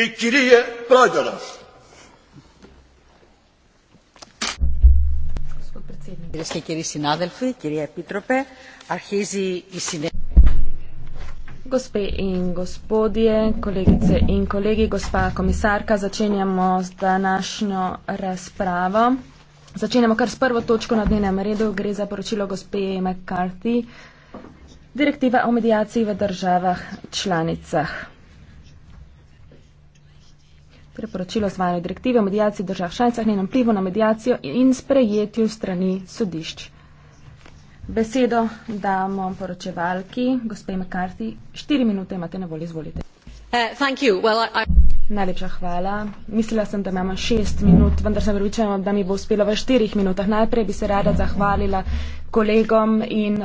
Ir kirija pradedas. Kirijas ir kiri sinadelfi, kirija epitrope, arhizi ir sinadelfi. Gospe in gospodje, kolegice in kolegi, gospa komisarka, začenjamo z današnjo razpravo. Začenjamo kar s prvo točko na dnevnem redu. Gre za poročilo gospe McCarthy, direktiva o medijaciji v državah članicah priporočilo zvane direktive o medijaciji držav šajcah, njenem plivu na medijacijo in sprejetju strani sodišč. Besedo damo poročevalki, gospe McCarthy, štiri minute imate na voli, izvolite. Uh, well, I... Najlepša hvala. Mislila sem, da imamo šest minut, vendar sem pripričana, da mi bo uspelo v štirih minutah. Najprej bi se rada zahvalila kolegom in.